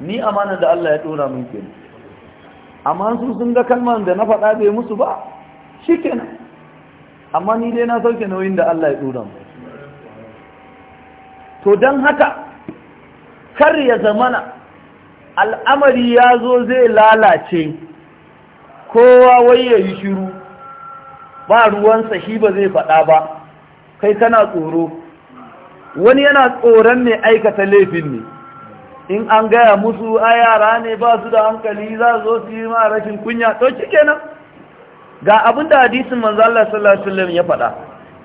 ni amana da Allah ya ɗora min kenan amma sun sun ga kalmar da na faɗa bai musu ba shi kenan amma ni dai na sauke nauyin da Allah ya dora mu to don haka kar ya zamana al'amari ya zo zai lalace kowa wai ya yi shiru ba ruwansa shi ba zai faɗa ba kai kana tsoro wani yana tsoron ne aikata laifin ne in an gaya musu a yara ne ba su da hankali za su zo su yi ma rashin kunya to shi kenan ga abin da hadisin manzo Allah sallallahu alaihi wasallam ya faɗa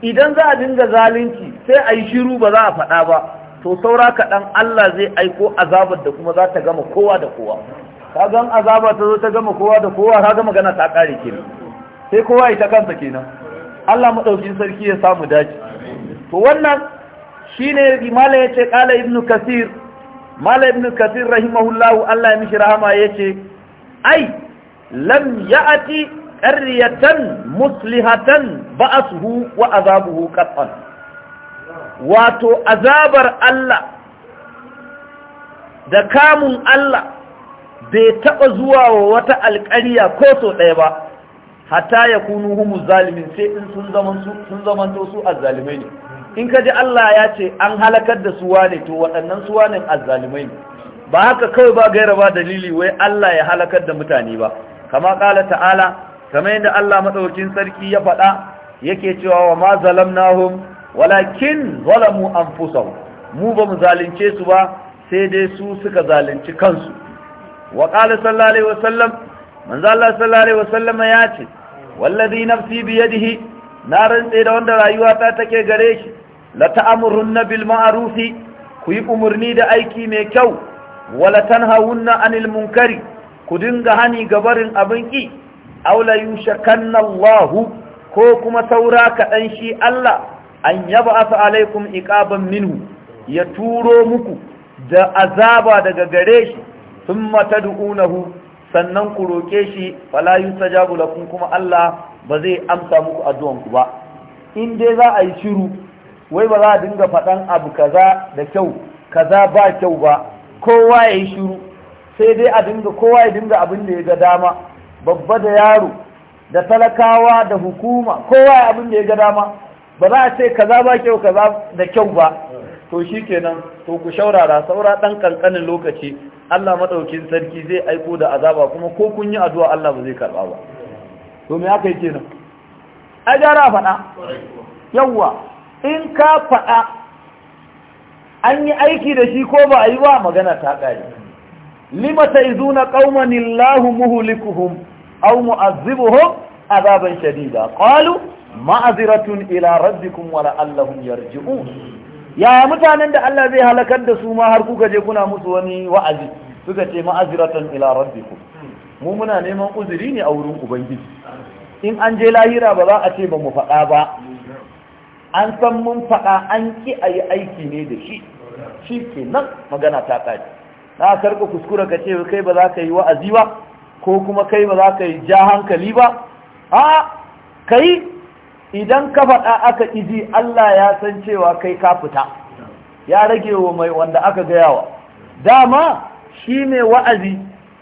idan za a dinga zalunci sai a yi shiru ba za a faɗa ba to saura kaɗan Allah zai aiko azabar da kuma za ta gama kowa da kowa gan azaba ta zo ta gama kowa da kowa kaga magana ta ƙare kenan sai kowa ita kansa kenan Allah madaukin sarki ya samu dace to wannan shine rimala yace qala ibnu kasir mala ibnu kasir rahimahullahu Allah ya mishi rahama yace ai lam ya'ati ƙaryatan muslihatan suhu wa azabuhu qat'an wato azabar Allah da kamun Allah bai taɓa zuwa wa wata alƙariya ko so ɗaya ba hata ya kunu humu zalimin sai in sun zamanto su azzalimai ne in ka ji Allah ya ce an halakar da suwa ne to waɗannan suwa ne azzalimai ne ba haka kawai ba gaira ba dalili wai Allah ya halakar da mutane ba kama ƙala ta'ala kamar yadda Allah madaukakin sarki ya faɗa yake cewa wa ma zalamnahum walakin zalamu anfusahum mu ba mu zalunce su ba sai dai su suka zalunci kansu wa qala sallallahu alaihi wasallam manzo Allah sallallahu alaihi wasallam ya ce wallazi nafsi bi yadihi na rantse da wanda rayuwa ta take gare shi la ta'murunna bil ma'rufi ku yi umurni da aiki mai kyau wala tanhawunna anil munkari ku dinga hani ga barin abin ki la yushakanna Allah ko kuma saura kaɗan shi Allah an yab'athu alaikum iqaban minhu ya turo muku da azaba daga gare shi thumma tad'unahu sannan ku roke shi fala yusajabu lakum kuma Allah ba zai amsa muku addu'an ku ba in dai za a yi shiru wai ba za a dinga fadan abu kaza da kyau kaza ba kyau ba kowa ya yi shiru sai dai a dinga kowa ya dinga abin da ya ga dama babba da yaro da talakawa da hukuma kowa abin da ya ga dama ba za a ce ka za ba kyau ka za da kyau ba to shikenan to ku shaurara saura ɗan ƙanƙanin lokaci Allah maɗaukin sarki zai aiko da azaba kuma ko kun yi addu'a Allah ba zai karɓa ba to me aka yi kenan ajara faɗa. Yawwa. in ka faɗa an yi aiki da shi ko ba a yi ba magana ta kare limata izuna ƙaumanin illahu muhlikuhum aw mu'azzibuhum azaban shadida qalu ma'ziratun ila rabbikum wa la'allahum yarji'un ya mutanen da Allah zai halakar da su ma har kuka je kuna musu wani wa'azi suka ce ma'aziratan ila rabbikum mu muna neman uzuri ne a wurin ubangiji in an je lahira ba za a ce ba mu faɗa ba an san mun faɗa an ki a yi aiki ne da shi shi ke nan magana ta ƙari na karka kuskura ka ce kai ba za ka yi wa'azi ba ko kuma kai ba za ka yi ja hankali ba a kai idan ka faɗa aka iji Allah ya san cewa kai ka fita ya rage wa mai wanda aka gaya wa. dama shi ne wa'azi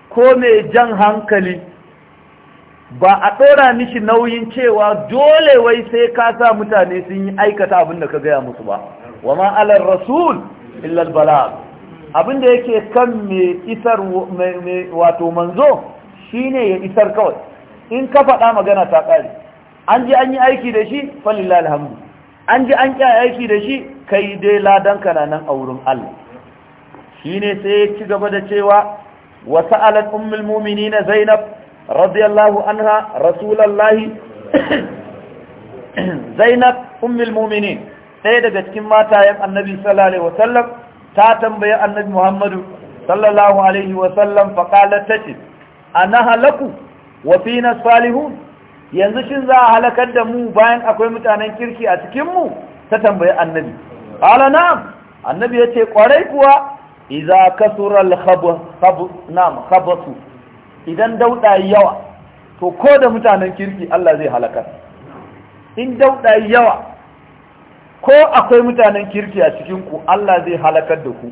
ko mai jan hankali ba a ɗora mishi nauyin cewa dole wai sai ka sa mutane sun yi aikata abin da ka gaya musu ba wa ma'alar rasul illal bala abin da yake kan mai isar wato manzo shine ya isar kawai in ka faɗa magana ta ƙare an ji an yi aiki da shi falillah alhamdu an ji an ƙya aiki da shi kai dai ladan kana nan a wurin Allah shine sai ya ci gaba da cewa wa sa'alat ummul mu'minina Zainab radiyallahu anha rasulullahi Zainab ummul mu'minin ɗaya daga cikin matayen Annabi sallallahu alaihi wasallam ta tambaye Annabi Muhammadu sallallahu alaihi wasallam faqalat tace anaha laku wa fina salihun yanzu shin za a halakar da mu bayan akwai mutanen kirki a cikin mu ta tambayi annabi qala na'am annabi yace kwarai kuwa idza kasura al khab na'am khabatu idan dauda yawa to ko da mutanen kirki Allah zai halakar in dauda yawa ko akwai mutanen kirki a cikin ku Allah zai halakar da ku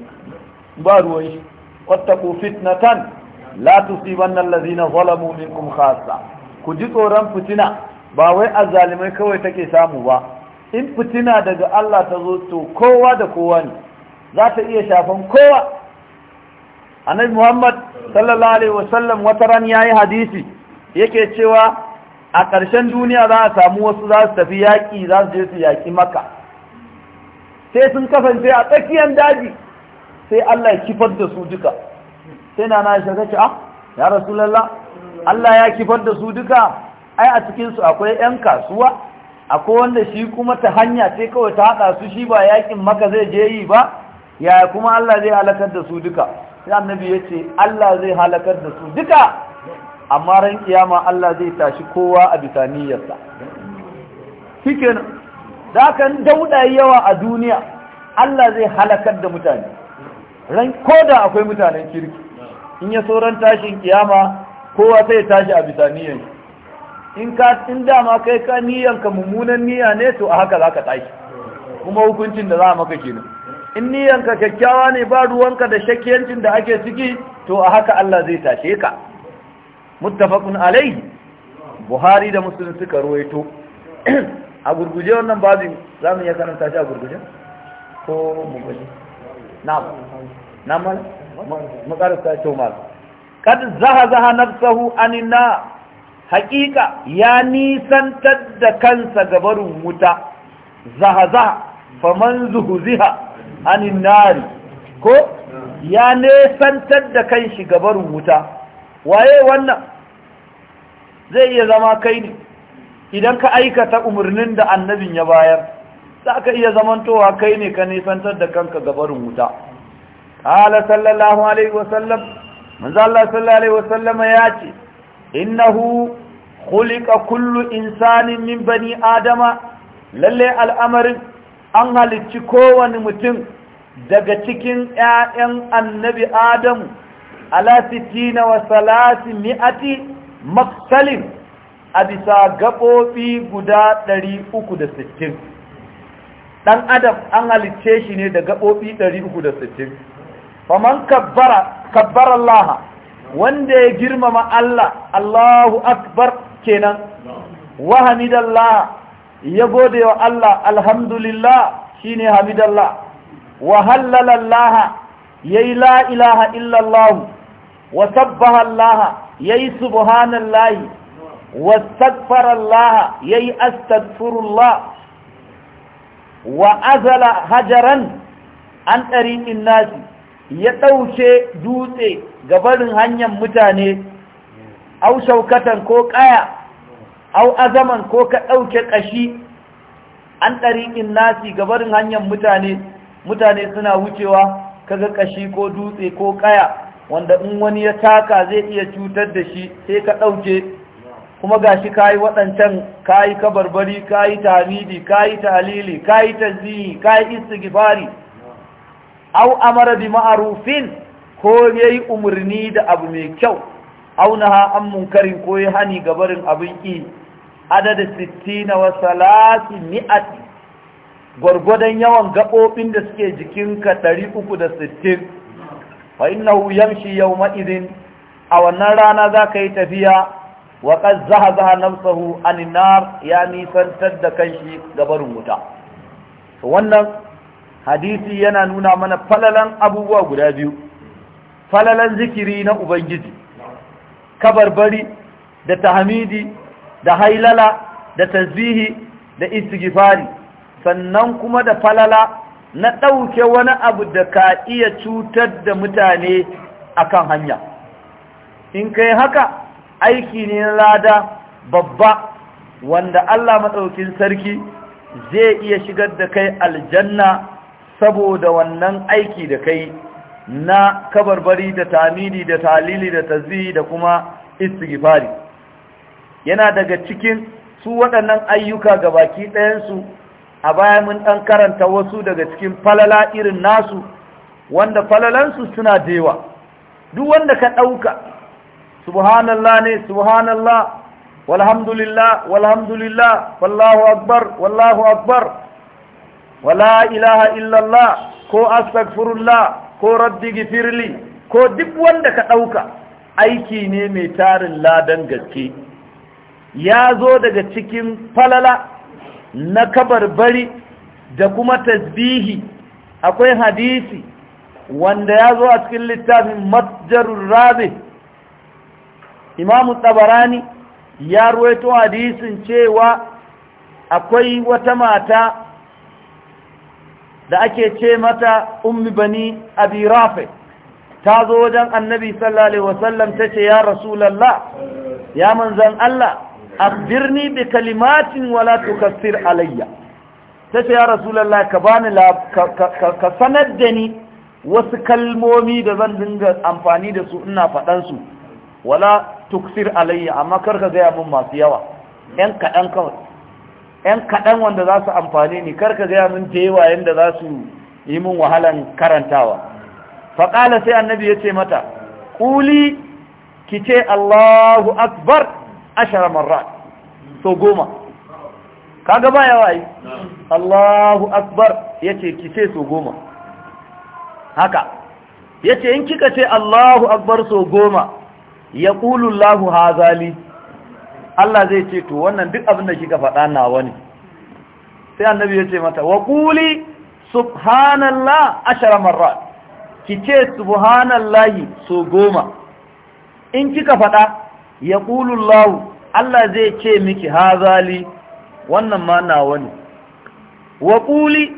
ba ruwan shi wattaqu fitnatan la tusibanna allazina zalamu minkum khassa ku ji tsoron fitina ba wai azzalimai kawai take samu ba in fitina daga Allah ta zo to kowa da kowa ne za ta iya shafan kowa annabi Muhammad sallallahu alaihi wasallam wata ran yayi hadisi yake cewa a ƙarshen duniya za a samu wasu za su tafi yaƙi za su je su yaƙi maka sai sun kasance a tsakiyar daji sai Allah ya kifar da su duka sai na na shaka ce ah ya rasulullah Allah ya kifar da su duka ai a cikin su akwai yan kasuwa akwai wanda shi kuma ta hanya sai kawai ta hada su shi ba yakin maka zai je yi ba ya kuma Allah zai halakar da su duka sai annabi ya ce Allah zai halakar da su duka amma ran kiyama Allah zai tashi kowa a bisaniyarsa shikenan da kan dauda yawa a duniya Allah zai halakar da mutane ran koda akwai mutanen kirki in ya sauran tashin kiyama kowa sai ya tashi a bisa niyyar in ka in dama kai ka niyyar ka mummunan niyya ne to a haka za ka tashi kuma hukuncin da za maka kenan in niyyar ka kyakkyawa ne ba ruwanka da shakkiyancin da ake ciki to a haka Allah zai tashe ka muttafaqun alayhi Buhari da Muslim suka ruwaito a gurguje wannan babin zamu iya karanta shi a gurguje ko mu gurguje na'am na'am makarasa kyau masu kad zaha zaha nafsahu anina haƙiƙa ya nisantar da kansa gabarin wuta zaha zaha faman zuhuziha anin ko ya nesantar da kanshi gabarin wuta waye wannan zai iya zama kai ne idan ka aikata umarnin da annabin ya bayar za ka iya zamantowa kai ne ka nisantar da kanka gabarin wuta قال صلى الله عليه وسلم من ذا الله صلى الله عليه وسلم ياتي انه خلق كل انسان من بني ادم للي الامر ان halicci kowane متين daga cikin ‘ya'yan annabi Adamu, alasitina wa salasi mi'ati maksalin a bisa gaɓoɓi guda 360 uku ɗan adam an halicce shi ne da gaɓoɓi 360 faman kabbara kabbara Allah wanda ya girmama Allah Allahu akbar kenan wa hamidallah ya gode wa Allah alhamdulillah shine hamidallah wa hallala yayi la ilaha illa Allah wa sabbaha Allah yayi subhanallahi wa astaghfara yayi astaghfirullah wa azala hajaran an tariqin nasi ya ɗauke dutse barin hanyar mutane au shaukatan ko ƙaya au azaman ko ka ɗauke ƙashi an ɗariƙin nasi gabarin hanyar mutane mutane suna wucewa kaga ƙashi ko dutse ko ƙaya wanda in wani ya taka zai iya cutar da shi sai ka ɗauke kuma ga gashi kayi waɗancan kayi kabarbari kayi tamidi kayi talili kayi ka kayi istigifari au amara bi ma'arufin ko yayi umarni da abu mai kyau au naha an munkarin ko yayi hani barin abin ki adada 60 wa 300 gurgudan yawan gabobin da suke jikin jikinka 360 fa innahu yamshi yawma idin a wannan rana zaka yi tafiya wa qad zahaba nafsuhu an nar ya nisantar da kanshi gabarin wuta wannan hadisi yana nuna mana falalan abubuwa guda biyu falalan zikiri na ubangiji kabarbari da tahmidi da hailala da tasbihi da istighfari sannan kuma da falala na ɗauke wani abu da ka iya cutar da mutane akan hanya in kai haka aiki ne na lada babba wanda Allah madaukin sarki zai iya shigar da kai aljanna saboda wannan aiki da kai na kabarbari da tamidi da talili da taziri da kuma istighfari yana daga cikin su waɗannan ayyuka ga baki ɗayansu a baya mun ɗan karanta wasu daga cikin falala irin nasu wanda falalansu suna dewa duk wanda ka ɗauka subhanallah ne subhanallah walhamdulillah walhamdulillah wallahu akbar wallahu akbar wala ilaha illallah ko astaghfirullah ko rabbi gifirli ko duk wanda ka ɗauka aiki ne mai tarin ladan gaske ya zo daga cikin falala na kabarbari da kuma tasbihi akwai hadisi wanda ya zo a cikin littafin matjarun rabi imamu tabarani ya ruwaito hadisin cewa akwai wata mata da ake ce mata ummi bani abi rafi ta zo wajen annabi sallallahu wasallam ta ce ya rasulallah ya manzan Allah abirni bi kalimatin wala tukassir alayya ta ce ya rasulallah ka bani ka sanar da ni wasu kalmomi da zan dinga amfani da su ina faɗansu wala tuksir alayya amma karka gaya mun masu yawa yan kaɗan kawai 'yan kaɗan wanda za su amfani ni karka gaya min yi yawa yadda za su yi min wahalan karantawa faƙala sai annabi ya ce mata ƙuli ki ce allahu akbar ashara marra so goma kaga ba yawa wayi allahu akbar ya ce ki ce so goma haka ya ce in kika ce allahu akbar so goma ya Lahu hazali Allah zai ce to wannan duk abin da kika faɗa nawa ne sai annabi ya ce mata wa quli subhanallah ashara marrat ki ce subhanallahi so goma in kika faɗa ya qulu Allah zai ce miki hazali wannan ma nawa ne wa quli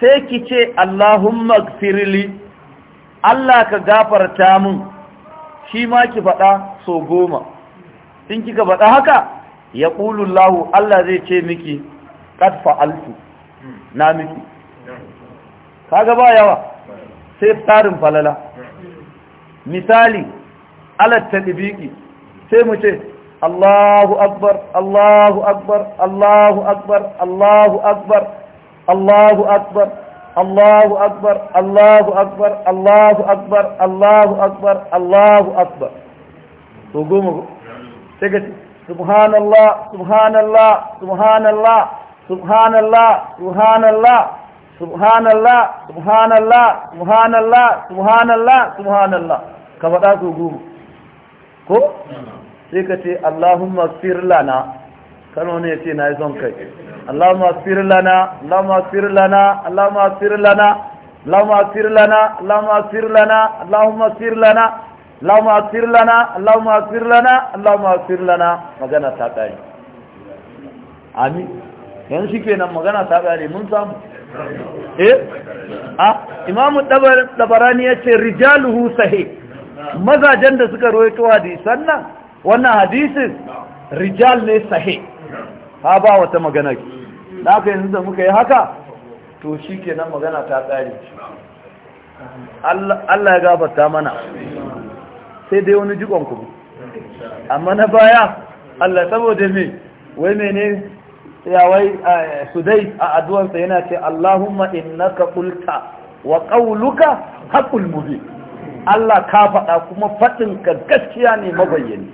sai ki ce Allahumma gfirli Allah ka gafarta mun shi ma ki faɗa so goma in kika faɗa haka ya ƙulullahu Allah zai ce miki ƙad fa'altu na miki kaga ba yawa sai tsarin falala misali alat ɗibiki sai mu ce Allahu akbar Allahu akbar Allahu akbar Allahu akbar Allahu akbar Allahu akbar Allahu akbar Allahu akbar Allahu akbar Allahu akbar to goma sai ka subhanallah subhanallah subhanallah subhanallah subhanallah subhanallah subhanallah subhanallah subhanallah subhanallah ka faɗa su goma ko sai ka ce allahumma fir lana kano ne ce na yi son kai allahumma fir lana allahumma fir lana allahumma fir lana allahumma fir lana allahumma fir lana allahumma fir lana Allahumma asfir lana Allahumma asfir lana Allahumma asfir lana magana ta kare amin yanzu nan magana ta kare mun samu eh ah imamu dabarani yace rijaluhu sahih mazajen da suka rawaito hadisan nan wannan hadisin rijal ne sahih ha ba wata magana ki da haka yanzu da muka yi haka to nan magana ta kare Allah ya gafarta mana sai dai wani jikon ku amma na baya Allah saboda me wai mene yawai su dai a addu'arsa yana ce Allahumma innaka qulta wa qawluka haqqul mubin Allah ka faɗa kuma ka gaskiya ne mabayyani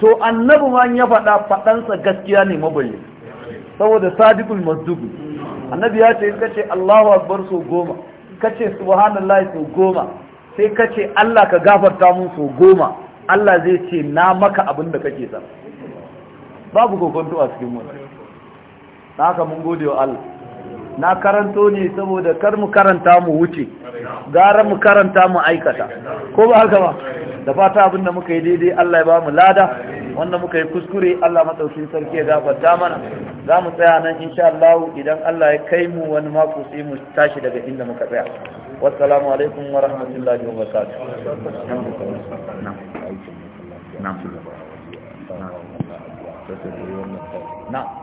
to annabi ma ya faɗa faɗansa gaskiya ne mabayyani saboda sadiqul mazdub annabi ya ce in kace Allahu akbar so goma kace subhanallahi so goma sai ka ce Allah ka gafarta mun so goma Allah zai ce na maka abin da kake sa babu kokonto a cikin wannan haka mun gode wa Allah na karanto ne saboda kar mu karanta mu wuce gara mu karanta mu aikata ko ba haka ba da fata abinda muka yi daidai Allah ya ba mu lada wanda muka yi kuskure Allah madaukakin sarki ya gafarta mana za mu tsaya nan insha Allah idan Allah ya kai mu wani mako sai mu tashi daga inda muka tsaya wassalamu alaikum wa rahmatullahi wa barakatuh na'am na'am